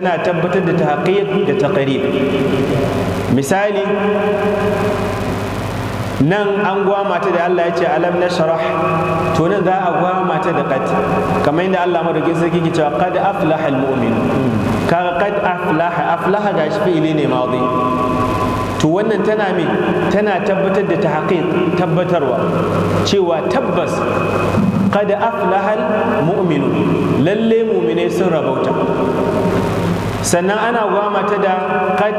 yana tabbatar da tahqiq da taqrib misali nan an gwama da Allah ya ce alam na to nan za a gwama da qad kamar yadda Allah madauki sarki kiki cewa qad aflaha al-mu'min kaga qad aflaha aflaha shi fi'ili ne madi to wannan tana me tana tabbatar da tahqiq tabbatarwa cewa tabbas qad aflaha al-mu'min lalle mu'mine sun rabauta sannan ana gwama ta da qad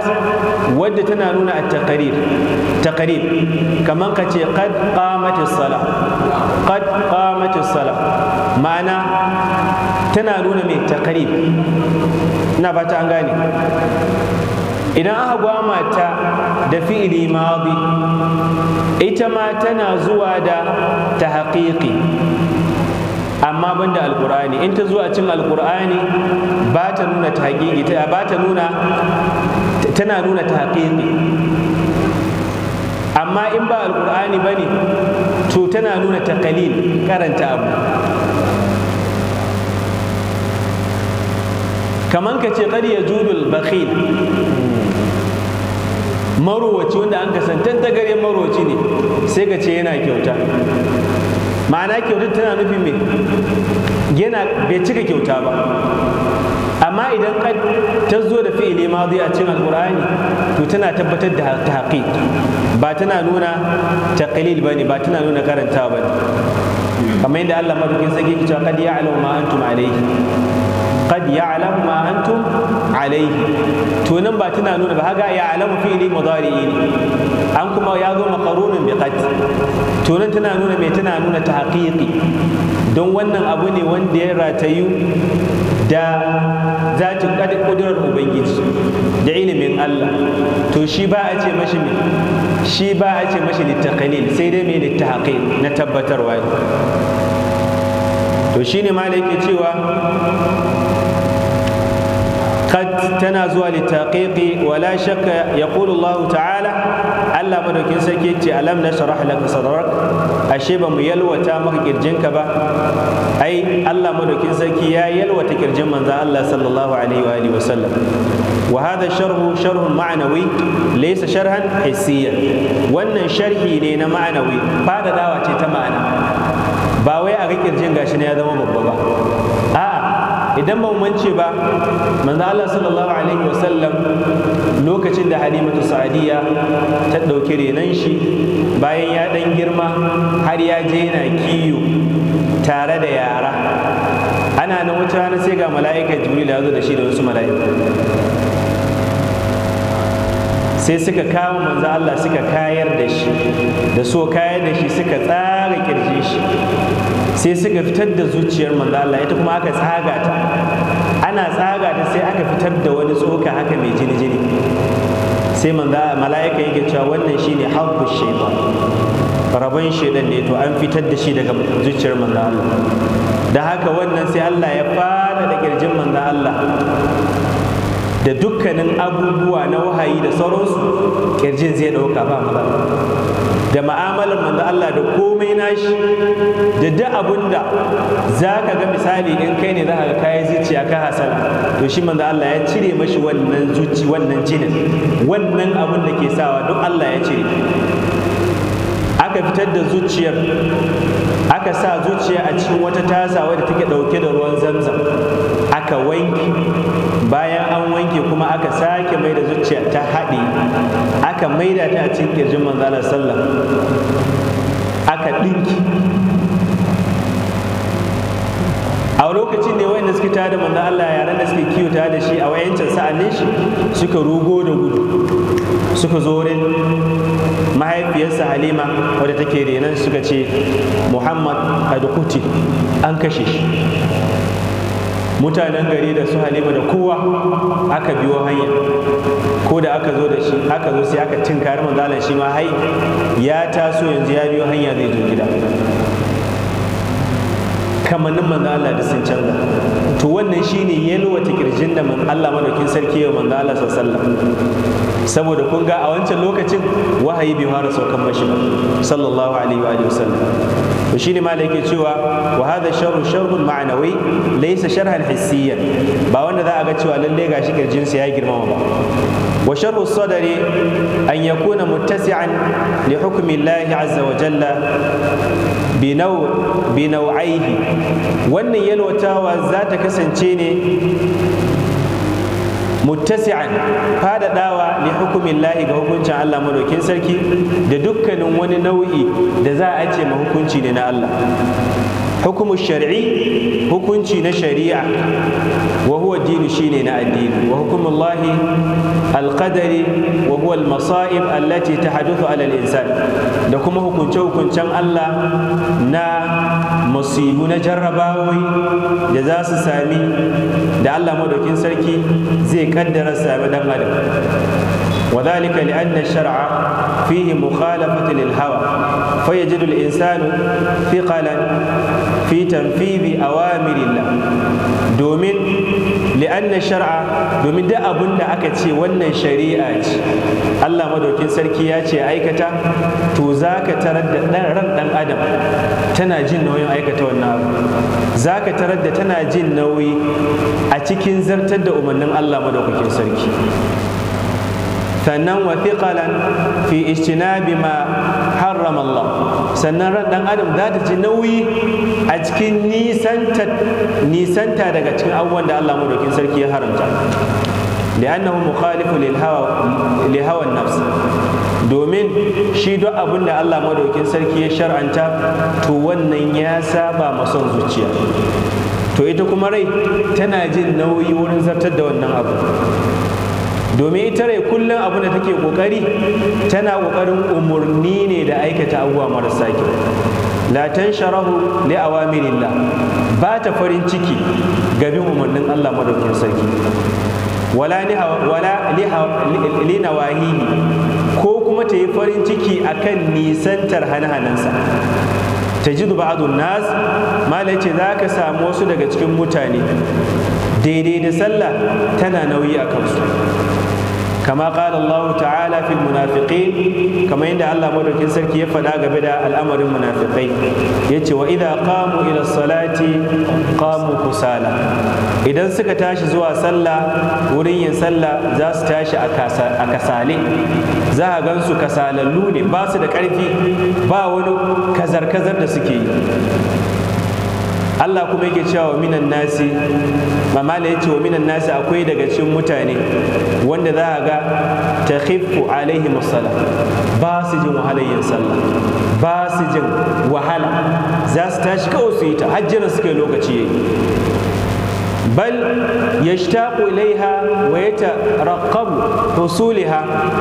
wadda tana nuna a takarir taqrir kamar ka ce qad qamat as-sala qad qamat as-sala ma'ana tana nuna mai taqrir ina fata an gane idan aka gwama ta da fi'ili madi ita ma tana zuwa da tahqiqi amma ban da alkur'ani in ta zo a cin alkur'ani ba ta nuna ta ba ta nuna tana nuna ta amma in ba alkur'ani ba ne to tana nuna ta takalil karanta abu kamar ka ce ya judul bakhil marowaci wanda an kasantanta gare marowaci ne sai ka ce yana kyauta ma'ana kyautar tana nufin me yana bai cika kyauta ba amma idan kan ta zo da fi'ili zai a cikin Alƙur'ani to tana tabbatar da tahqiq ba tana nuna ba ne ba tana nuna karanta ne. kamar yadda Allah madaukin sarki ya ce ya ya'lamu ma antum qad ya'lamu ma ba tana nuna ba haga ya'lamu fi'li mudari'i an kuma ya zo maqarunun bi qad tana nuna me tana nuna tahqiqi don wannan abu ne wanda ya ratayu da zatin kudurar ubangiji da ilimin Allah to shi ba a ce mashi shi ba sai dai mai littahaqil na tabbatarwa to shine malai yake cewa tana zuwa litaqiqi wala shakka yaqulu Allah ta'ala Allah madaukin sarki ce alam nashrah laka sadrak ashe ba mu yalwata maka ƙirjinka ba ai Allah madaukin sarki ya yalwata ƙirjin manzon Allah sallallahu alaihi wa sallam. wa sallam sharhu الشرح شرح معنوي sharhan شرحا حسيا wannan sharhi ne na ma'anawi fadadawa ce ta ma'ana ba wai a ga ƙirjin gashi ne ya zama babba ba a'a idan ba mance ba manzo Allah sallallahu alaihi wasallam lokacin da halimatu sa'adiyya ta ɗauki renan shi bayan ya ɗan girma har ya je yana kiyo tare da yara ana nan wata rana sai ga mala'ikar jibril ya zo da shi da wasu mala'ika. sai suka kama manzo Allah suka kayar da shi da so kayar da shi suka tsara kirjin shi sai suka fitar da zuciyar manzo ita kuma aka tsaga ta ana tsaga ta sai aka fitar da wani tsoka haka mai jini jini sai manzo mala'ika yake cewa wannan shine habbu shaytan rabon shaidan ne to an fitar da shi daga zuciyar manzo da haka wannan sai Allah ya fada da kirjin manzo Allah da dukkanin abubuwa na wahayi da sauransu kirjin zai dauka ba da ma'amalar manzo Allah da komai nashi da duk abunda za ka ga misali in kai ne za ka kayi zuciya ka hasal to shi manzo Allah ya cire mashi wannan zuci wannan jinin wannan abin da ke sawa duk Allah ya cire aka fitar da zuciyar aka sa zuciya a cikin wata tasa wadda take dauke da ruwan zamzam aka wanki bayan an wanke kuma aka sake mai da zuciya ta haɗe aka maida ta a cikin ƙirjin manzala sallam aka ɗinki a lokacin ne suke tare da manzan Allah yaran da suke kiyo da shi a wayancin sa'anin shi suka rugo da gudu suka zo wurin mahaifiyarsa Halima wadda take renan suka ce Muhammad adukuti an kashe shi mutanen gari da su halima da kowa aka biyo hanya ko da aka zo da shi aka zo sai aka tinkari manzalan shi ma hai ya taso yanzu ya biyo hanya zai zo gida kamannin manzo Allah da sun canza to wannan shine yalwata kirjin da man Allah madaukin sarki ya manzo Allah sallallahu saboda kun ga a wancan lokacin wahayi bai fara saukan mashi sallallahu alaihi wa sallam to shine ma yake cewa wa hadha sharru sharrun ma'anawi laysa sharhan hissiyan ba wanda za a ga cewa lalle gashi kirjin sa ya girmama ba wa sharru sadari an yakuna muttasi'an li hukmi Allah azza wa jalla binaw'aihi wannan yalwatawa za ta kasance ne muttasi'an faɗaɗawa li hukumin lahi ga hukuncin Allah madaukin sarki da dukkanin wani nau'i da za a ce ma hukunci ne na Allah hukumu shar'i hukunci na shari'a wa dini shine na addini wa hukumullahi alqadari wa huwa almasa'ib allati tahaddathu ala al-insan da kuma hukunce hukuncen Allah na musibu na jarrabawai da za su sami da Allah madaukin sarki zai kaddara sami dan adam وذلك لأن الشرع فيه مخالفة للهوى فيجد الإنسان ثقلا fi tanfidhi awamirillah domin li'anna shar'a domin da abun da aka ce wannan shari'a ce Allah madaukin sarki ya ce aikata to zaka tarar da ran dan adam tana jin nauyin aikata wannan abu zaka tarar da tana jin nauyi a cikin zartar da umarnin Allah madaukakin sarki sannan wa thiqalan fi ijtinabi ma harrama Allah sannan ran dan adam za ta ji nauyi a cikin nisanta daga cikin abubuwan da Allah madaukin sarki ya haramta li'annahu mukhalifu lil hawa li hawa nafs domin shi duk abin da Allah madaukin sarki ya shar'anta to wannan ya saba mason zuciya to ita kuma rai tana jin nauyi wurin zartar da wannan abu domin ita rai kullum abin da take kokari tana kokarin umarni ne da aikata abubuwa marasa kyau la tansharahu li awamirillah ba ta farin ciki ga bin umarnin Allah madaukakin sarki wala li nawahihi ko kuma ta yi farin ciki akan nisantar hane-hanensa tajidu ba'dun nas malai ce za ka samu wasu daga cikin mutane daidai da sallah tana nauyi a kansu kama qala Allah ta'ala fin munafiqin kama inda Allah madaukin sarki ya faɗa game da al'amarin munafiqai yace wa idza qamu ila salati qamu kusala idan suka tashi zuwa sallah wurin yin sallah za su tashi a kasale za a gansu kasalallu ne basu da ƙarfi ba wani kazar-kazar da suke yi Allah kuma yake cewa minan nasi mamala yace wa minan nasi akwai daga cikin mutane wanda za a ga ta khifu alaihi musalla ba su jin wahalar yin sallah ba su jin wahala za su tashi kawai su yi ta hajjina su kai lokaci yayi بل ilaiha wa ويترقب ta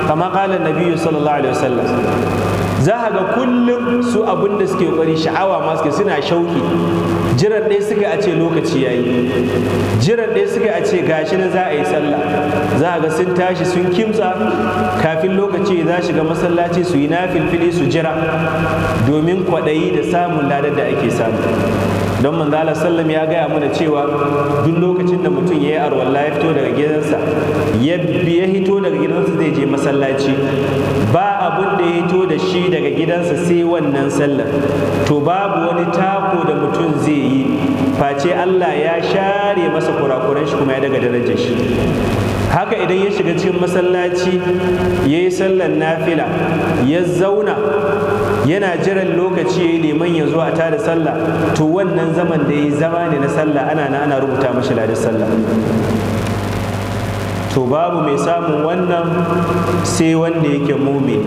كما kama النبي Nabiyu Sallallahu alaihi Wasallam. za a ga kullum su abin da suke kwari sha'awa ma suke suna shauki jiran ɗaya suka a ce lokaci ya yi jiran ɗaya suka a ce gashi na za a yi sallah za a ga sun tashi sun kimtsa kafin lokaci za shiga masallaci su yi na filfili su jira domin kwaɗayi da samun ladar da ake samu don manzala sallam ya gaya mana cewa duk lokacin da mutum ya yi arwalla ya fito daga gidansa ya hito daga gidansa zai je masallaci ba abin da ya to da shi daga gidansa sai wannan sallar to babu wani tako da mutum zai yi face Allah ya share masa kurakuran shi kuma ya daga darajar shi haka idan ya shiga cikin masallaci ya yi sallar nafila ya zauna yana jiran lokaci ya yi neman ya zo a tada sallah to wannan zaman da ya yi zama ne na sallah ana na ana rubuta mashi ladar sallah to babu mai samun wannan sai wanda yake mumin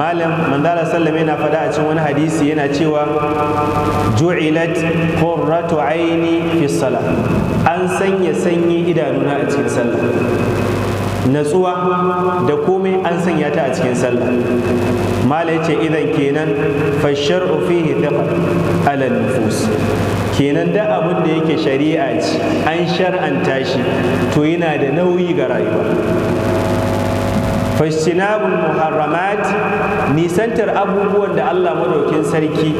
malam Mandala sallam yana fada a cin wani hadisi yana cewa ju'ilat qurratu aini fi salat an sanya sanyi idanuna a cikin sallah natsuwa da komai an sanya ta a cikin sallah Malam ce idan kenan fashar fihi thiqal ala nufus kenan da abin da yake shari'a ce an shar'anta shi to yana da nauyi ga rayuwa fashinabun muharramat nisantar abubuwan da Allah madaukin sarki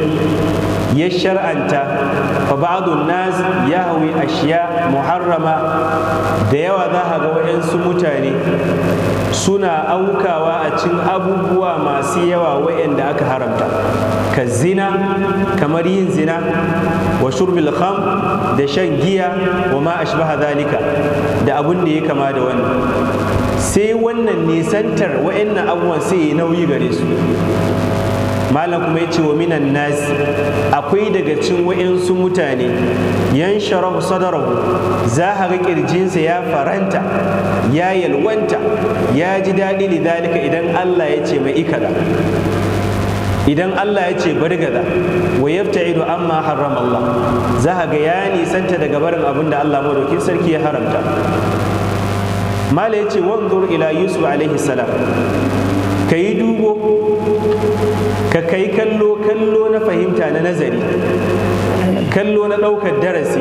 ya shar'anta fa ba'dun nas yahwi ashiya muharrama da yawa za ga wa'yansu mutane suna aukawa a cin abubuwa masu yawa wa'anda aka haramta ka zina kamar yin zina wa shurbil kham da shan giya wa ma ashbaha zalika da abun da ya kama da wannan sai wannan nisantar wa'annan abubuwan sai ya nauyi gare su malam kuma ya ce wa minan nasi akwai daga cin wa'insu mutane yan sharabu sadarabu za a ga ƙirjinsa ya faranta ya yalwanta ya ji daɗi da dalika idan allah ya ce mai ikada idan Allah ya ce bari gaza wa an amma haram Allah za a ga ya nisanta daga barin abin da Allah madaukin sarki ya haramta mala yace ce wanzur ila yusuf alaihi salam ka yi dubo ka kai kallo kallo na fahimta na nazari kallo na ɗaukar darasi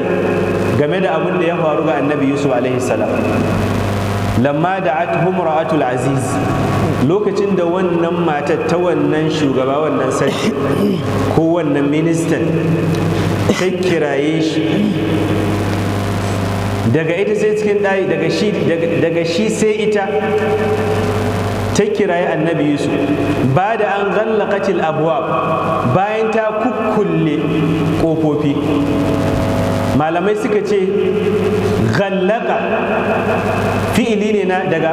game da abin da ya faru ga annabi yusuf alaihi salam lamma da atul aziz lokacin da wannan matar ta wannan shugaba wannan sarki ko wannan ministan ta kiraye shi daga ita sai cikin ɗayi daga shi sai ita ta kiraye annabi yusuf ba da an ghallaqatil abwab bayan ta kukkulle kofofi malamai suka ce ghallaka fi'ili ne na daga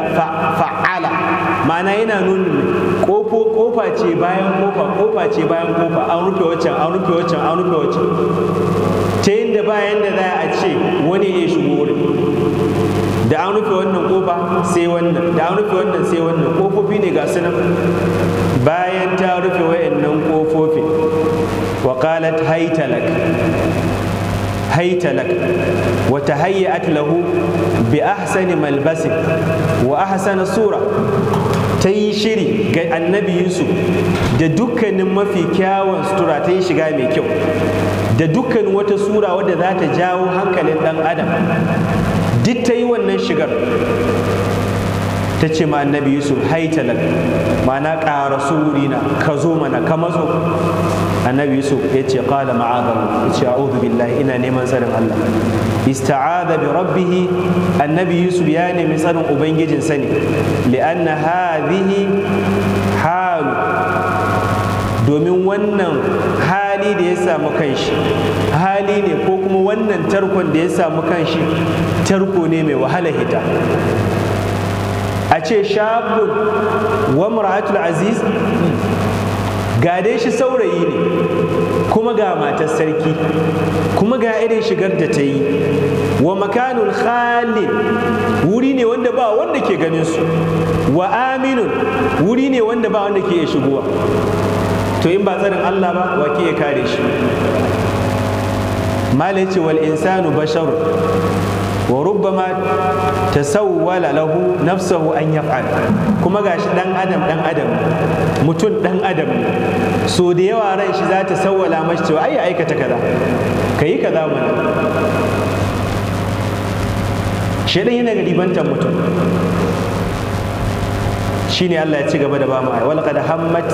fa'ala ma'ana yana nuna kofo kofa ce bayan kofa kofa ce bayan kofa an rufe waccan an rufe waccan an rufe waccan ta yadda bayan da za a ce wani ya shigo wurin da an rufe wannan kofa sai wannan da an rufe wannan sai wannan kofofi ne ga sunan bayan ta rufe wayannan kofofi wa qalat haytalak haytalak wa tahayyat lahu bi ahsani malbasi wa ahsana sura ta yi shiri ga annabi yusuf da dukkanin mafi kyawun sutura ta yi shiga mai kyau da dukkan wata sura wadda za ta jawo hankalin dan adam duk ta yi wannan shigar ta ce ma annabi yusuf haitalan ma'ana ƙara surina ka zo mana ka matso annabi yusuf ya ce ƙala ma'adar ya ce a'udhu billahi ina neman tsarin allah ista'adha bi rabbihi annabi yusuf ya nemi tsarin ubangijin sani li'anna hadhihi halu domin wannan da ya samu kanshi hali ne ko kuma wannan tarkon da ya samu kanshi tarko ne mai wahala hita a ce shabun wa mura'atul aziz gade shi saurayi ne kuma ga matar sarki kuma ga irin shigar da ta yi wa makanul Khali wuri ne wanda ba wanda ke ganin su wa Aminu wuri ne wanda ba wanda ke iya shigowa to in ba tsarin Allah ba wa ke kare shi mala ce wal insanu bashar wa rubbama tasawwala lahu nafsahu an yaf'al kuma gashi dan adam dan adam mutum dan adam so da yawa ran shi zata sawwala mashi cewa ai aikata kaza kai kaza mana shedan yana ribantar mutum shine Allah ya ci gaba da ba mu wal qad hammat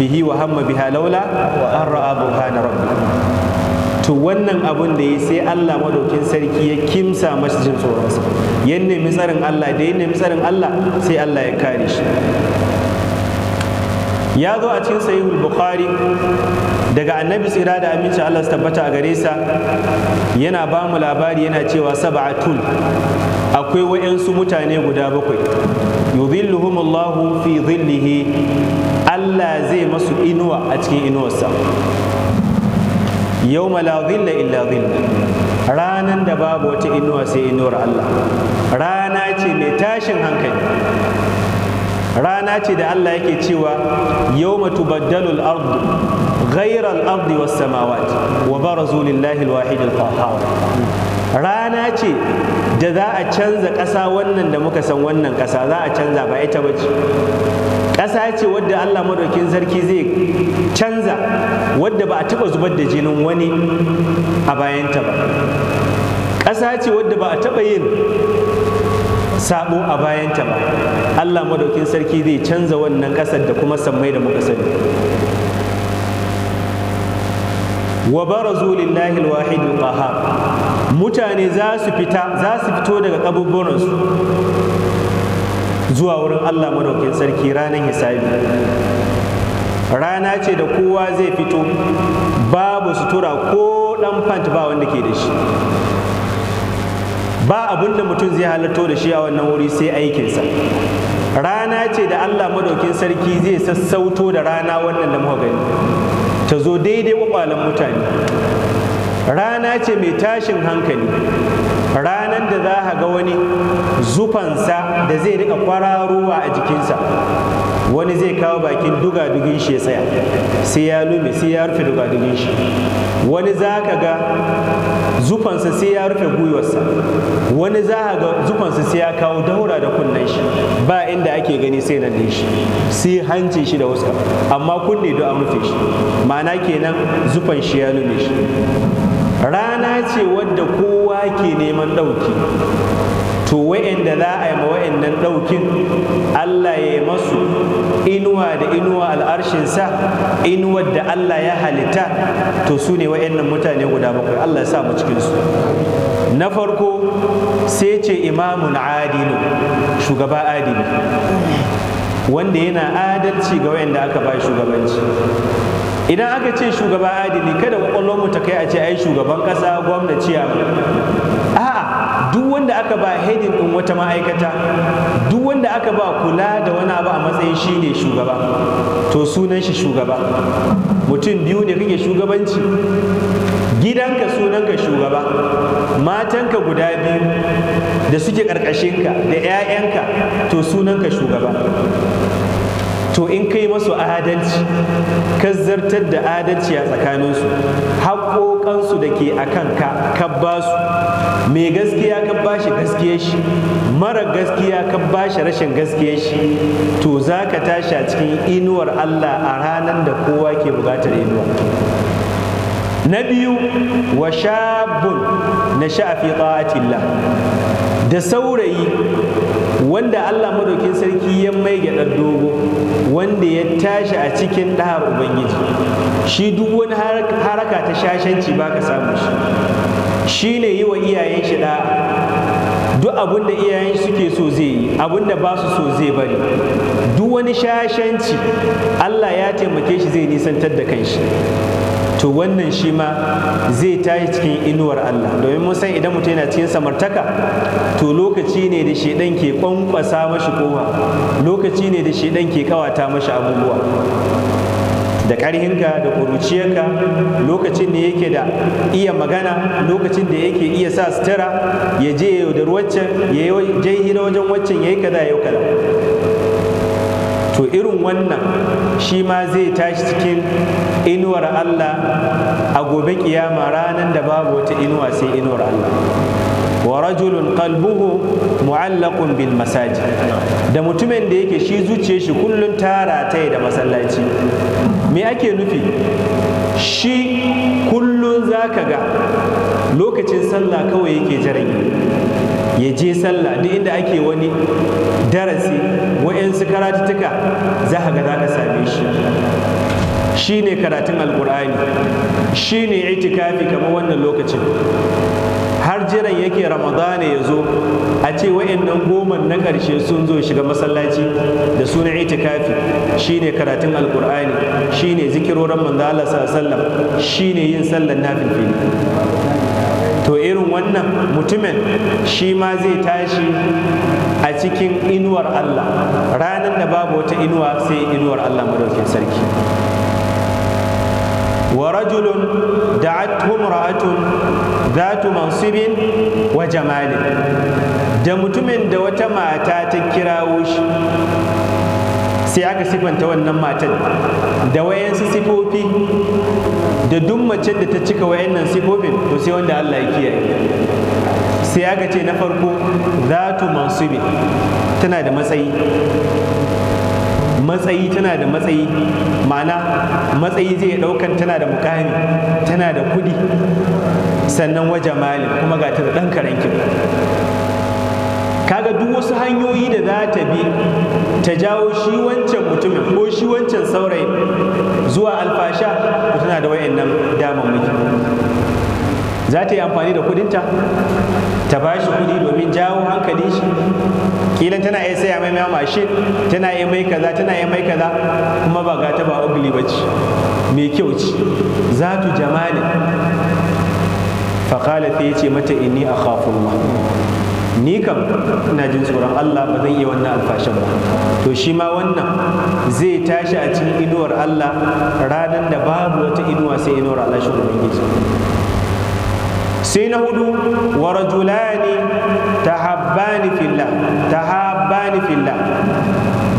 bihi wa hamma biha laula an ra'a burhana rabbi to wannan abun da ya sai Allah madaukin sarki ya kimsa masa jin tsoronsa ya nemi tsarin Allah da ya nemi tsarin Allah sai Allah ya kare shi ya zo a cikin sahihul bukhari daga annabi tsira da aminci Allah su tabbata a gare sa yana ba mu labari yana cewa sab'atun akwai wa'yansu mutane guda bakwai yudhilluhumullahu fi dhillihi Allah zai masu inuwa a cikin inuwarsa yawma la dhilla illa ranan da babu wata inuwa sai inuwar Allah rana ce mai tashin hankali rana ce da Allah yake cewa yawma tubaddalu al-ardu ghayra al-ardi was samawati wa barazu lillahi al-wahid al-qahhar rana ce da za a canza ƙasa wannan da muka san wannan ƙasa za a canza ba ita ba ce ƙasa ce wadda Allah madaukin sarki zai canza wadda ba a taɓa zubar da jinin wani a bayanta ba ƙasa ce wadda ba a taɓa yin sabo a bayanta ba Allah madaukin sarki zai canza wannan ƙasar da kuma sammai da muka sani wa barazu lillahi alwahid alqahar mutane za su fita za su fito daga kaburburansu zuwa wurin Allah madaukin sarki ranar hisabi rana ce da kowa zai fito babu sutura ko dan fant ba wanda ke da shi ba abin da mutum zai halatto da shi a wannan wuri sai aikinsa rana ce da Allah madaukin sarki zai sassauto da rana wannan da muka gani ta zo daidai kwakwalen mutane rana ce mai tashin hankali ranar da za a ga wani zufansa da zai rika kwararowa a jikinsa wani zai kawo bakin dugadugin shi ya tsaya sai ya lume sai ya rufe dugadugin shi wani za ka ga zufansa sai ya rufe gwiwarsa wani za ka ga zufansa sai ya kawo daura da kunnen shi ba inda ake gani sai na shi sai hancin shi da wasu amma kunne da a rufe shi ma'ana kenan zufan shi ya lume shi rana ce wadda kowa ke neman ɗauki to da za a yi ma nan ɗaukin allah ya yi masu inuwa da inuwa al'arshinsa inuwar da allah ya halitta to su ne nan mutane guda bakwai allah ya sa cikinsu na farko sai ce imamun adilu shugaba adini wanda yana adalci ga da aka ba shugabanci idan aka ce shugaba adili kada mu ta kai a ce ai shugaban kasa gwamna ciyaman a'a duk wanda aka ba hedin din wata ma'aikata duk wanda aka ba kula da wani abu a matsayin shi ne shugaba to sunan shi shugaba mutum biyu ne kake shugabanci gidanka sunanka shugaba matanka guda biyu da suke ka da 'ya'yanka to sunanka shugaba to in kai masu adalci ka zartar da adalci a tsakaninsu haƙoƙansu da ke a kanka ka ba su mai gaskiya ka ba shi gaskiya shi mara gaskiya ka ba shi rashin gaskiya shi to za ka tashi a cikin inuwar allah a ranar da kowa ke buƙatar inuwa na biyu wa shabun na sha'afi da saurayi wanda Allah madaukin sarki ya mai gyaɗar dogo wanda ya tashi a cikin ɗahar ubangiji shi duk wani haraka ta shashanci ba ka samu shi shi ne yi wa iyayen shi ɗaya duk abin da iyayen suke so zai yi abin da ba su so zai bari duk wani shashanci allah ya taimake shi zai nisantar da kanshi to wannan shi ma zai tashi cikin inuwar Allah domin mun san idan mutum yana cikin samartaka to lokaci ne da shedan ke kwankwasa mashi kowa lokaci ne da shedan ke kawata mashi abubuwa da ƙarhinka da ƙuruciyarka lokacin da yake da iya magana lokacin da yake iya sa sutura ya je da ruwaccen ya yi hira wajen waccan ya yi kaza ya yi kaza to irin wannan shi ma zai tashi cikin inuwar Allah a gobe kiyama ranar da babu wata inuwa sai inuwar Allah wa rajulun qalbuhu mu'allaqun bil masajid da mutumin da yake shi zuce shi kullun tara ta da masallaci me ake nufi shi kullun zaka ga lokacin sallah kawai yake jiran ya je sallah duk inda ake wani darasi wa'yansu karatuttuka za ka ga za ka same shi shi ne karatun alkur'ani shi ne itikafi kamar wannan lokacin har jiran yake ramadana ya zo a ce wa'annan goma na ƙarshe sun zo shiga masallaci da sunan itikafi ne karatun alkur'ani ne zikirorin manzo Allah shi shine yin sallar nafilfili wannan mutumin shi ma zai tashi a cikin inuwar Allah ranar da babu wata inuwa sai inuwar Allah madaukin sarki wa rajulun da'athu imra'atun zatu mansibin wa jamalin da mutumin da wata mata ta kirawo shi sai aka sifanta wannan matan da wayansu sifofi da duk mace da ta cika wayannan sifofin to sai wanda Allah ya kiyaye sai ya ce na farko zatu mansubi tana da matsayi matsayi tana da matsayi ma'ana matsayi zai daukan tana da mukami tana da kudi sannan waje malin kuma ga ta da ɗan karankin kaga duk wasu hanyoyi da za ta bi ta jawo shi wancan mutumin ko shi wancan saurayi zuwa alfasha ko tana da wayannan damammaki za ta yi amfani da kudinta ta ba shi kudi domin jawo hankali shi kilan tana iya saya mai mashin tana iya mai kaza tana iya mai kaza kuma ba gata ba ugli ba ci mai kyau ci. za tu jamalin faƙala ce mata inni a khafullah ni kam ina jin tsoron Allah ba zan iya wannan alfashin ba to shi ma wannan zai tashi a cikin inuwar Allah ranar da babu wata inuwa sai inuwar Allah shi ubangiji sai na hudu wa rajulani tahabbani fillah tahabbani fillah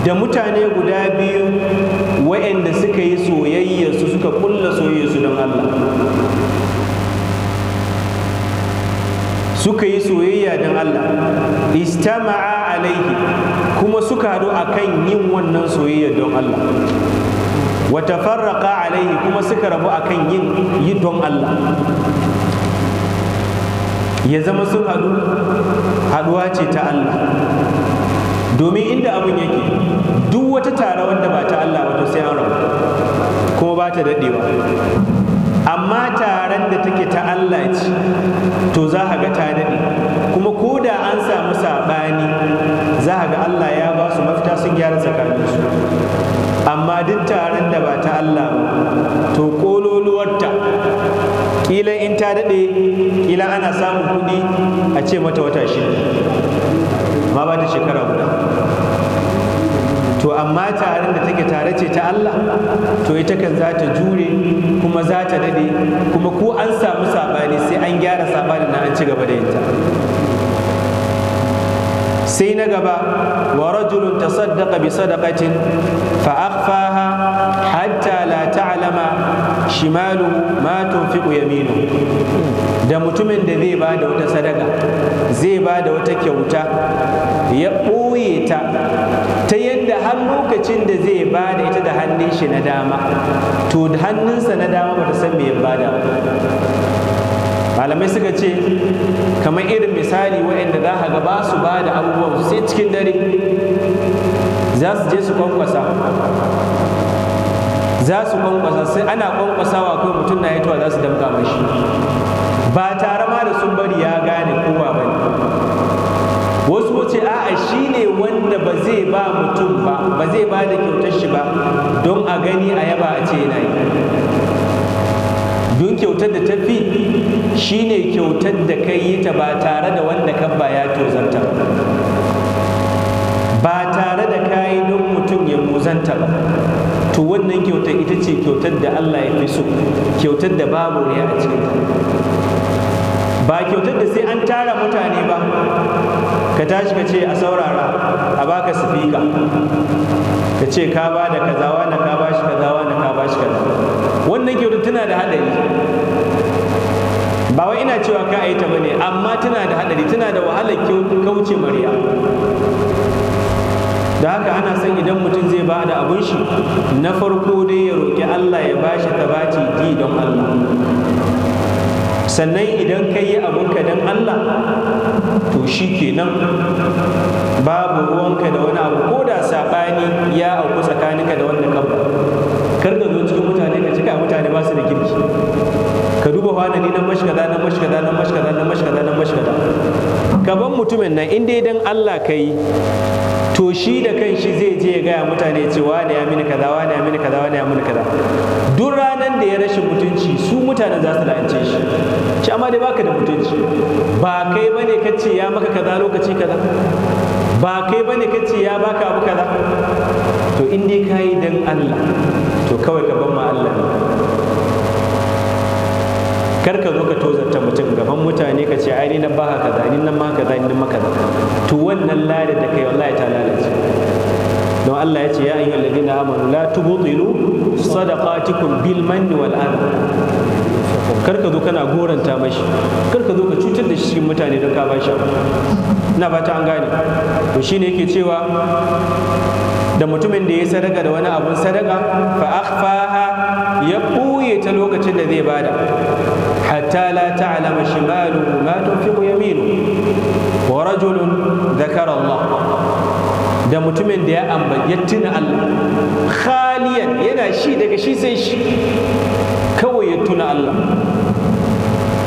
da mutane guda biyu waɗanda suka yi soyayya su suka kulla soyayya su don Allah suka yi soyayya don Allah istama'a alaihi kuma suka haɗu akan yin wannan soyayya don Allah Wata farraka alaihi kuma suka rabu akan yin yi don Allah ya zama sun haɗu haɗuwa ce ta Allah domin inda abin yake duk wata tara wanda ba ta Allah ba ta sai an rabu kuma ba ta daɗewa amma taron da take ta Allah ce to za a ga ta daɗe kuma ko da an samu saɓani za a ga Allah ya ba su mafita sun gyara tsakaninsu amma duk taron da ba ta Allah to kololuwarta kila in ta daɗe kila ana samun kuɗi a ce mata wata shida ma ba ta shekara guda to amma taron da take tare ce ta Allah to ita kan za ta jure kuma za ta dade kuma ko an samu sabani sai an gyara sabani na an ci gaba da yinta sai na gaba wa rajulun tasaddaqa bi sadaqatin fa akhfaha hatta la ta'lama shimalu ma tunfiqu yaminu da mutumin da zai ba da wata sadaka zai ba da wata kyauta ya ɓoye ta ta yadda har lokacin da zai ba da ita da hannun shi na dama to da hannunsa na dama ba ta san me ba da malamai suka ce kamar irin misali waɗanda za ka ga ba su ba da abubuwan sai cikin dare za su je su kwankwasa za su kwankwasa sai ana kwankwasawa kawai mutum na yatuwa za su damka mashi ba tare ma da sun bari ya gane kowa ba ce a'a shi ne wanda ba zai ba mutum ba ba zai ba da kyautar shi ba don a gani a yaba a ce yana yi don kyautar da tafi shi ne kyautar da ka yi ta ba tare da wanda kan ba ya tozanta ba tare da ka don mutum ya muzanta ba to wannan kyautar ita ce kyautar da Allah ya fi so kyautar da babu ne a cikin ba kyautar da sai an tara mutane ba ka tashi ka ce a saurara a baka sifika ka ce ka ba da kaza na ka ba shi na ka ba shi kaza wannan kyautar tana da haɗari ba wai ina cewa ka ta bane amma tana da haɗari tana da wahalar kauce mariya da haka ana son idan mutum zai ba da abun shi na farko dai ya roƙi Allah ya bashi tabati ji don Allah sannan idan ka yi abinka don allah to shi kenan babu ruwanka da wani abu ko da saɓani ya auku tsakaninka da wannan ka kar ka zo cikin mutane ka cika mutane ba su da kirki ka duba hanani na mashkada na nan na mashkada na mashkada na mashkada gaban mutumin nan in dai dan Allah ka yi to shi da kan shi zai je ya gaya mutane cewa ne ya mini kaza ne ya mini kaza ne ya mini kaza duk ranar da ya rashin mutunci su mutane za su la'ance shi shi amma dai baka da mutunci ba kai bane kace ya maka kaza lokaci kaza ba kai bane kace ya baka abu kaza to in dai kayi dan Allah to kawai ka ban ma Allah kar ka zo ka tozarta mutum gaban mutane ka ce ai ni nan ba kaza ni nan ma kaza ni nan ma kaza to wannan lada da kai wallahi ta lalace don Allah ya ce ya ayyuhal ladina amanu la tubtilu sadaqatikum bil manni wal adha karka zo kana goranta mashi karka zo ka cutar da shi cikin mutane don ka bashi na ba ta an gane to shine yake cewa da mutumin da ya sadaka da wani abun sadaka fa akhfaha ya buye ta lokacin da zai bada hatta la ta'lama shimalu ma tunfiqu yaminu wa rajulun dhakara Allah da mutumin da ya amba ya tuna Allah khaliyan yana shi daga shi sai shi kawai ya tuna Allah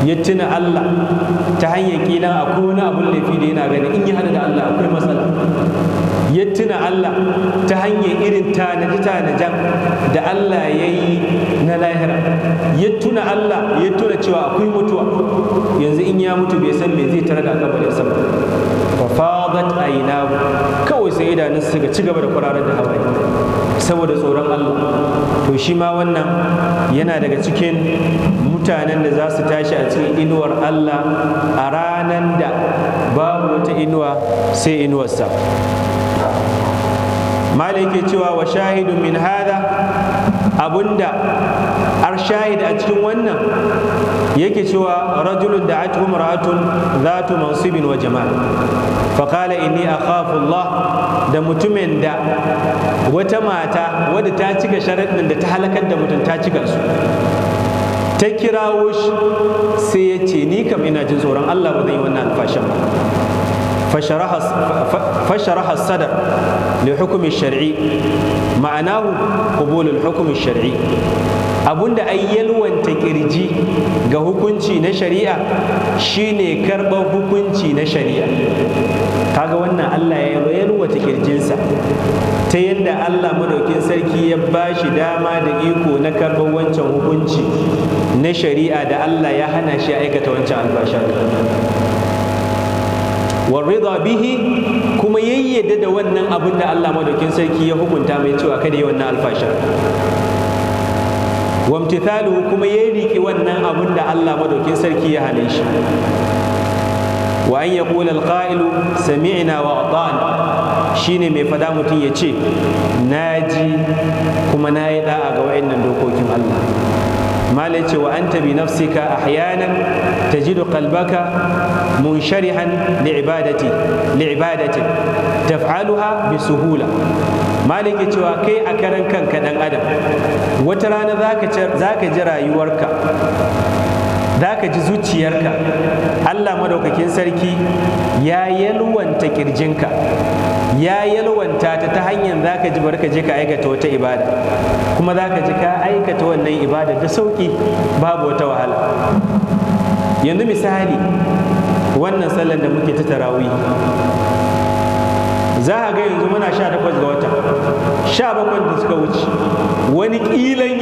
ya tuna Allah ta hanyar kila akwai wani abun laifi da yana gani in ya hada da Allah akwai matsala ya tuna Allah ta hanyar irin tanaji-tanajan da Allah ya yi na lahira ya tuna Allah ya tuna cewa akwai mutuwa yanzu in ya mutu bai san me zai tare da sa ba fafadat aina kawai sai idanunsa suka ci gaba da kwararar da hawaye saboda tsoron Allah to shi ma wannan yana daga cikin mutanen da za su tashi a cikin inuwar Allah a ranan da babu wata inuwa sai inuwarsa malai ke cewa wa shahidun min hada abunda har shahid a cikin wannan yake cewa rajulun da atu mar'atun zatu mansibin wa jama'a faƙala inni a Allah da mutumin da wata mata wadda ta cika sharaɗin da ta halakar da mutum ta cika su ta kirawo shi sai ya ce ni kam ina jin tsoron Allah ba zai yi wannan alfashin ba فشرح الصدر لحكم الشرعي معناه قبول الحكم الشرعي da ai yalwanta kirji ga hukunci na shari'a shine karɓar hukunci na shari'a kaga wannan Allah ya yalwata kirjinsa ta yadda Allah madaukin sarki ya ba shi dama da iko na karɓar wancan hukunci na shari'a da Allah ya hana shi aikata wancan albashin warida bihi kuma yayyade da wannan abin da Allah madaukin sarki ya hukunta mai cewa kada yi wannan alfasha. wamtithaluhu kuma ya riki wannan abin da Allah madaukin sarki ya hane shi wa an yaqul alqa'ilu sami'na wa ata'na shine mai fada mutum ya ce naji kuma yi da'a ga wayannan dokokin Allah malai ce wa anta bi nafsika ahyanan tajidu qalbaka munsharihan li'ibadati li'ibadati taf'aluha bi suhula malik cewa kai a karan kanka dan adam wata rana za ka ji rayuwarka za ka ji zuciyarka allah madaukakin sarki ya yalwanta kirjinka ya yalwanta ta ta hanyar za ka ji barka je ka aikata wata ibada kuma za ka ji ka aikata wannan ibada da sauki babu wata wahala yanzu misali wannan sallar da muke ta tarawih za a ga yanzu muna sha takwas ga wata sha bakwai da suka wuce wani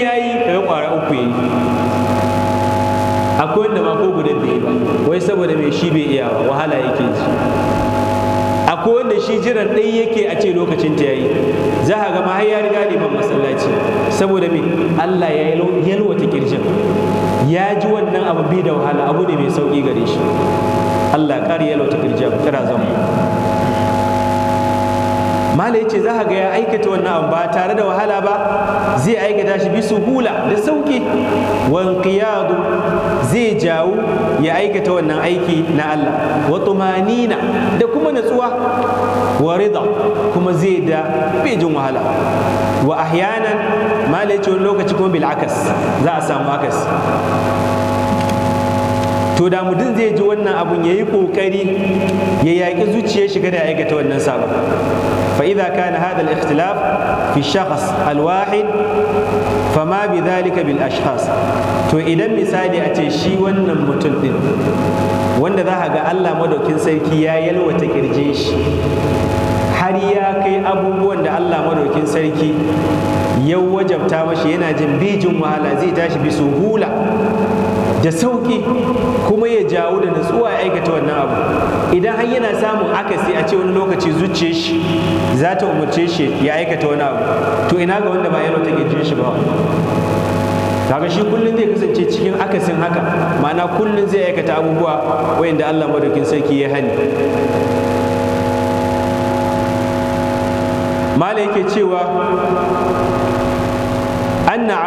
ya yi kaga ƙwara uku yi. akwai wanda ba ko guda da ba wai saboda mai shi bai iya wahala yake ji akwai wanda shi jiran ɗaya yake a ce lokacin ta yayi za a ga ma har ya riga liman masallaci saboda me Allah ya ta kirjin ya ji wannan abu bi da wahala abu ne mai sauki gare shi Allah ya ƙara ta kirjin kira zama mala ya ce za ga ya aikata wannan abu ba tare da wahala ba zai aikata shi bi hula da sauki wankiyadu zai jawo ya aikata wannan aiki na Allah wa tumanina da kuma natsuwa wa rida kuma zai da bejin wahala wa ahyanan mala ce wani lokaci kuma bil za a samu akas to da mutum zai ji wannan abun ya yi ƙoƙari ya yaƙi zuciyar shiga da aikata wannan sabon فإذا fi shakas الاختلاف fa ma bi فما bil بالأشخاص to idan misali a ce shi wannan mutum ɗin wanda za a ga Allah madaukin sarki ya yalwata kirje shi har ya kai abubuwan da Allah madaukin sarki ya wajabta mashi yana jin bijin wahala zai tashi bi hula da sauki kuma ya jawo da nutsuwa ya aikata wannan abu idan har yana samun akasi a ce wani lokaci zuciyar shi za ta umarce shi ya aikata wani abu to ina ga wanda ba yalo take jin shi ba daga shi kullum zai kasance cikin akasin haka ma'ana kullum zai aikata abubuwa wayanda Allah madaukin sarki ya hani mala yake cewa anna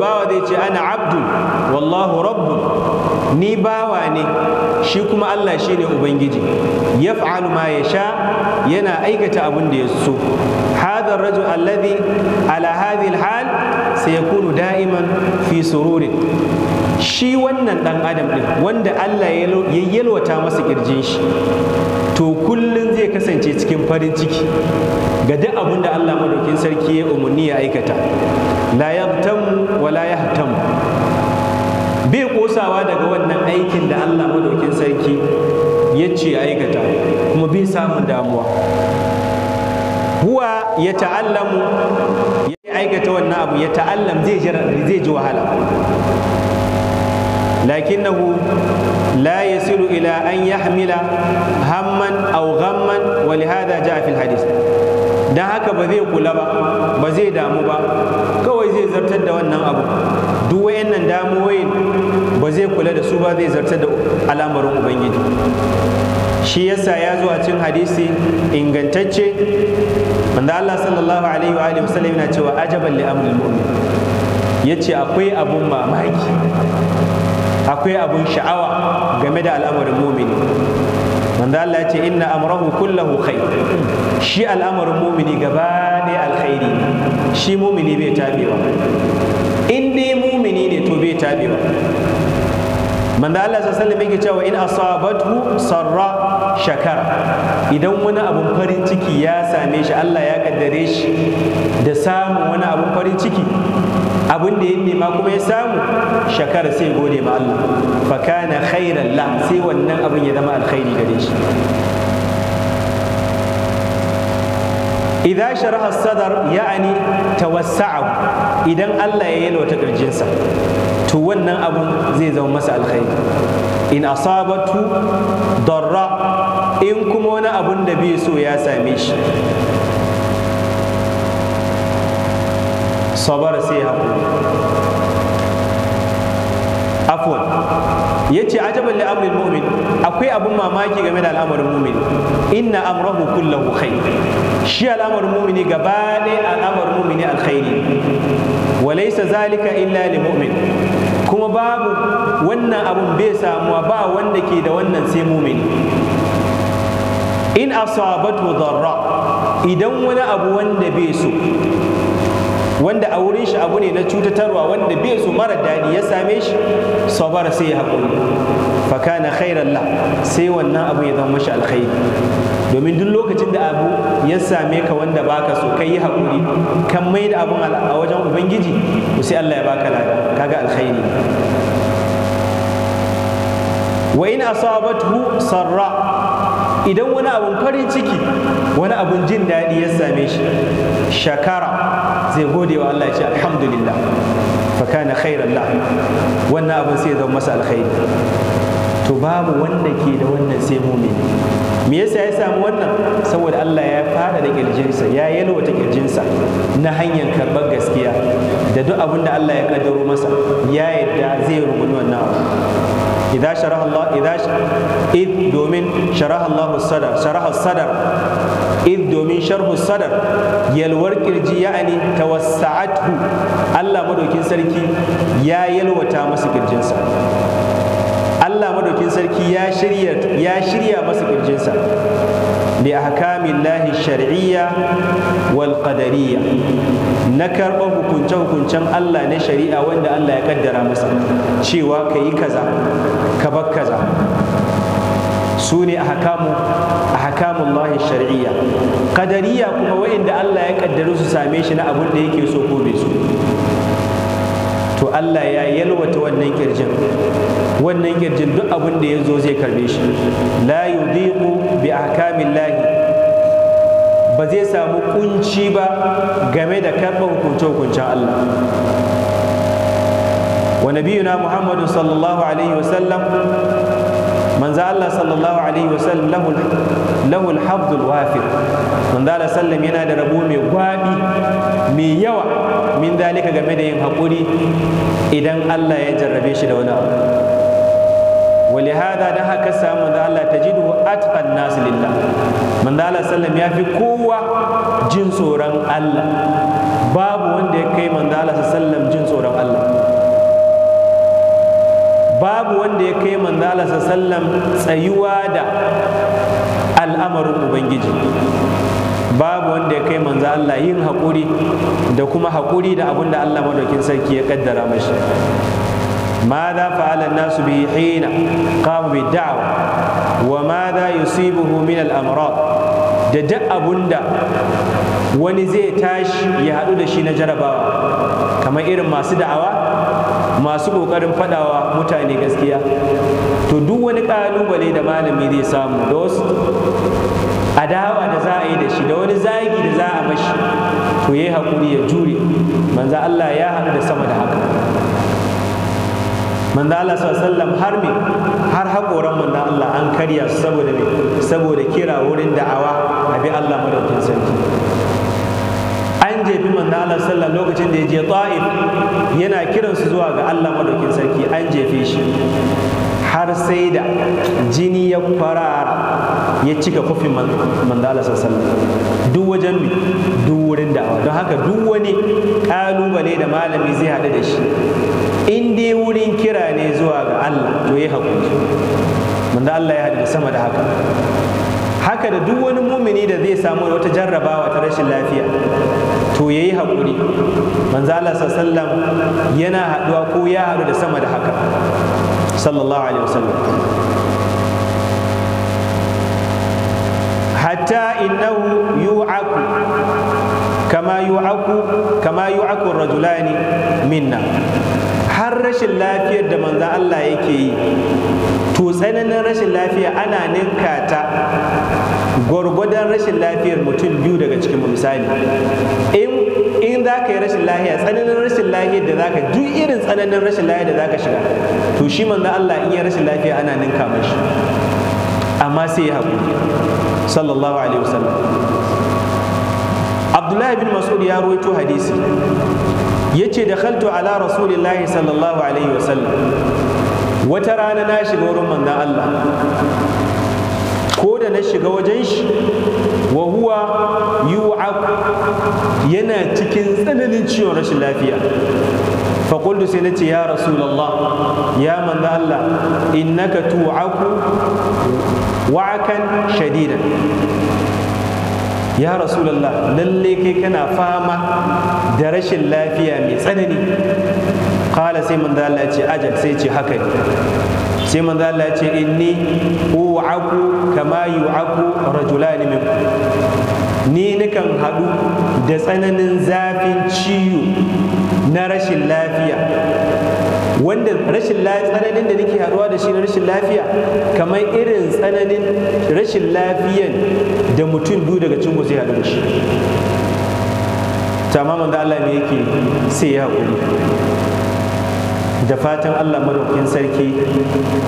bawa zai ce ana abdu wallahu rabbu ni bawa ne shi kuma Allah shi ne Ubangiji ya fa'alu ma ya sha yana aikata abun da ya so hadar rajul alladhi ala hadhihi hal sai ya kunu da'iman fi sururin shi wannan dan adam ɗin wanda Allah ya yalwata masa kirjin shi to kullum zai kasance cikin farin ciki ga duk abin da Allah madaukin sarki ya umarni ya aikata la yabtamu wa la yahtam bai kosawa daga wannan aikin da Allah madaukin sarki ya ce aikata kuma bai samun damuwa huwa ya ta'allamu ya aikata wannan abu ya ta'allam zai ji wahala لكنه la yasiru ila an يحمل hamman أو ghamman ولهذا جاء في الحديث hadith dan haka ba zai kula ba ba zai damu ba kawai zai zartar da wannan abu duk wayannan damuwoyin ba zai kula da su ba zai zartar da al'amarin ubangiji shi yasa ya zuwa cin cikin hadisi ingantacce wanda Allah sallallahu alaihi wa alihi wasallam yana cewa ajaban li amril mu'min yace akwai abun mamaki akwai abun sha'awa game da al'amarin mumini wanda Allah ce inna amrahu kullahu khair shi al'amarin mumini gaba ne alkhairi shi mumini bai tabewa in dai mumini ne to bai tabewa manzo Allah sallallahu sallame yake cewa in asabathu sarra shakara idan wani abun farin ciki ya same shi Allah ya kaddare shi da samun wani abun farin ciki abin da ya nema kuma ya samu shakara sai gode ma Allah fa kana khairan la sai wannan abin ya zama alkhairi gare shi Idan sharaha sadar ya'ani tawassa'a idan Allah ya yi yalwata kirjinsa to wannan abun zai zama masa alkhairi in asabatu darra in kuma wani abun da bai so ya same shi sabar sai haƙuri afwan ya ce ajaban li mu'min akwai abin mamaki game da al'amarin mu'min inna amrahu kullahu kai. shi al'amarin mu'mini gaba ɗaya al'amarin mu'mini alkhairi wa laysa zalika illa lil mu'min kuma babu wannan abun bai samuwa ba wanda ke da wannan sai mu'mini in asabatu darra idan wani abu wanda bai so wanda a wurin shi abu ne na cutatarwa wanda bai su mara daɗi ya same shi sabara sai ya haƙuri Faka khairan la sai wannan abu ya zama shi alkhairi domin duk lokacin da abu ya same ka wanda baka so kai yi haƙuri kan mai da abun a wajen ubangiji to sai Allah ya baka lada kaga alkhairi wa in asabathu sarra idan wani abun farin ciki wani abun jin daɗi ya same shi shakara zai gode wa Allah ya ce alhamdulillah fa kana khairan la wannan abin sai zama masa alkhairi to babu wanda ke da wannan sai mumini me yasa ya samu wannan saboda Allah ya fara da kirjinsa ya yalwata kirjinsa na hanyar karɓar gaskiya da duk abin da Allah ya kaddaro masa ya yadda zai rubuta wannan abu idza sharaha Allah idza id domin sharaha Allah sadar sharaha sadar id domin sharhu sadar yalwar kirji ya'ani tawassa'athu Allah madaukin sarki ya yalwata masa kirjinsa Allah madaukin sarki ya shirya ya shirya masa kirjinsa ahkam illahi shar'iyya wal qadariyya na karɓar hukunce hukuncen Allah na shari'a wanda Allah ya kaddara masa cewa ka yi kaza ka bar kaza su ne a hakamun Allah shari'iyya qadariyya kuma wa'inda Allah ya kaddara su same shi na abun da yake so ko bai so to Allah ya yalwata wannan kirjin wannan kirjin duk abin da ya zo zai karbe shi la yudiku bi ahkamillahi ba zai samu kunci ba game da karɓar hukunce-hukuncen Allah wa nabiyuna muhammadu sallallahu alaihi wasallam manzo Allah sallallahu alaihi wasallam lahul lahul hafdul wafir manzo Allah sallam yana da rabo mai gwabi mai yawa min dalika game da yin haƙuri idan Allah ya jarrabe shi da wani abu wali hada da haka samu da Allah ta tajidu atqan nas lillah manzo Allah sallam ya fi kowa jin tsoron Allah babu wanda ya kai manzo sallam jin tsoron Allah babu wanda ya kai manzo sallam tsayuwa da al'amarin ubangiji babu wanda ya kai manzo Allah yin haƙuri da kuma haƙuri da abin da Allah madaukin sarki ya kaddara mashi ماذا فعل الناس به حين قاموا بالدعوة وماذا يصيبه من الأمراض da duk abun da wani zai tashi ya haɗu da shi na jarrabawa. kamar irin masu da'awa masu ƙoƙarin faɗawa mutane gaskiya to duk wani ƙalubale da malami zai samu da wasu adawa da za a yi da shi da wani zagi da za a mashi to ya yi haƙuri ya jure manza Allah ya haɗu da sama da haka manzo Allah sallallahu har me har hakoran manzo Allah an karya su saboda me saboda kira wurin da'awa a bi Allah madaukin sarki an jefi manzo Allah sallallahu lokacin da ya je Ta'if yana kiran su zuwa ga Allah madaukin sarki an jefe shi har sai da jini ya farara ya cika kofin manzo Allah sallallahu duk wajen mu duk wurin da'awa don haka duk wani kalubale da malami zai hada da shi in dai wurin kira ne zuwa ga Allah to yi hakuri wanda Allah ya haɗu sama da haka haka da duk wani mumini da zai samu wata jarrabawa ta rashin lafiya to ya yi haƙuri manzo Allah sallam yana haɗuwa ko ya haɗu da sama da haka sallallahu alaihi wasallam hatta innahu yu'aku kama yu'aku kama yu'aku rajulani minna har rashin lafiyar da manza Allah yake yi to tsananin rashin lafiya ana ninka ta gwargwadon rashin lafiyar mutum biyu daga cikin misali in za ka yi rashin lafiya tsananin rashin lafiyar da za ka duk irin tsananin rashin lafiyar da za ka shiga to shi manza Allah in yi rashin lafiya ana ninka mashi amma sai ya haƙuri sallallahu alaihi wasallam abdullahi bin mas'ud ya rawaito hadisi yace haltu ala rasulillahi sallallahu alaihi wasallam wata rana na shiga wurin manzon Allah ko da na shiga wajen shi wa huwa yu'ab yana cikin tsananin ciwon rashin lafiya faƙultu sai na ce ya rasulallah ya manzo Allah innaka tu'aku wa'akan shadidan ya rasulallah lalle kai kana fama da rashin lafiya mai tsanani kala sai manzo Allah ce ajal sai ce haka ne sai manzo Allah ce inni u'aku kama yu'aku rajulani min ni nakan haɗu da tsananin zafin ciwo na rashin lafiya wanda rashin tsananin da nake haɗuwa da shi na rashin lafiya kamar irin tsananin rashin lafiyan da mutum biyu daga cikin zai haɗu da shi tamaman da Allah ne yake sai ya haƙuri da fatan Allah madaukin sarki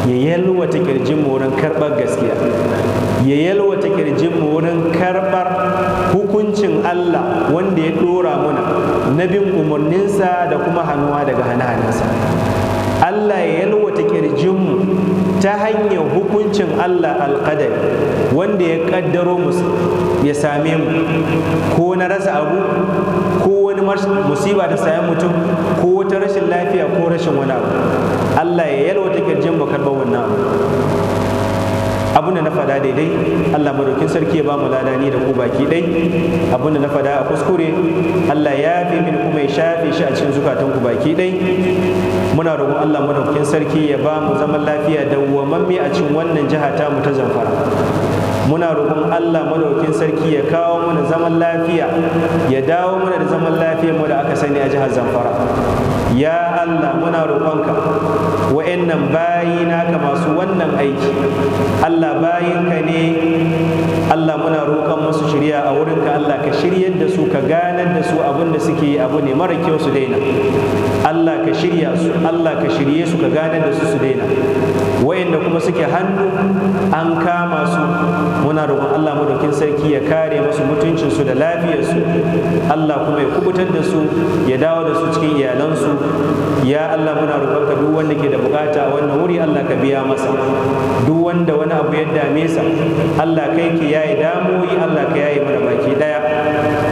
ya ta kirjin mu wurin karɓar gaskiya ya ta kirjin mu wurin karɓar hukuncin Allah wanda ya ɗora muna na bin umarninsa da kuma hannuwa daga hana Allah ya yalwata kirjinmu ta hanyar hukuncin Allah alƙadari wanda ya ƙaddaro ya same mu ko na rasa abu ko wani musiba ta sayan mutum ko wata rashin lafiya ko rashin wani abu Allah ya yalwata kirjin mu karɓar wannan abu abin da na faɗa daidai Allah madaukin sarki ya ba mu lada ni da ku baki dai abin da na faɗa a kuskure Allah ya fi min kuma ya shafe shi a cikin zukatan ku baki dai muna roƙon Allah madaukin sarki ya ba mu zaman lafiya da wamamme a cikin wannan jiha ta mu ta Zamfara muna roƙon Allah madaukin sarki ya kawo mana zaman lafiya ya dawo mana da zaman lafiyar mu da aka sani a jihar Zamfara ya Allah muna roƙonka wa'annan bayina ka masu wannan aiki Allah bayinka ne Allah muna roƙon musu shirya a wurinka Allah ka shiryar da su ka ganar da su abin da suke abu ne mara kyau su daina Allah ka shirya su Allah ka shirye su ka ganar da su su daina wa'anda kuma suke hannu an kama su muna roƙon Allah madaukin sarki ya kare musu mutuncinsu da lafiyarsu Allah kuma ya kubutar da su ya dawo da su cikin iyalansu ya Allah muna roƙonka duk wanda ke da bukata wannan wuri Allah ka biya masa duk wanda wani abu ya dame sa Allah kai ki yayi damuyi Allah ka yayi mana baki daya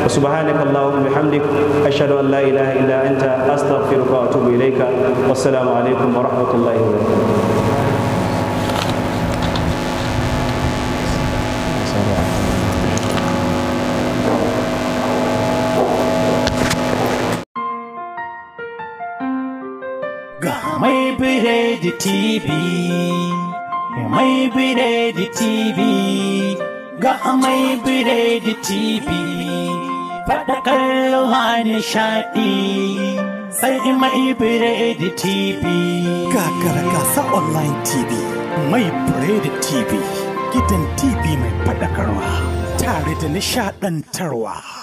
subhanaka allahumma bihamdik ashhadu an la ilaha illa anta astaghfiruka wa atubu ilaika wassalamu alaikum wa rahmatullahi wa barakatuh di TV, mai di TV, ga mai di TV, faɗakar ruwa nishaɗi. Sai mai biredi TV. Kakara gasa online TV, mai biredi TV, gidan TV mai faɗakarwa, tare da nishaɗantarwa.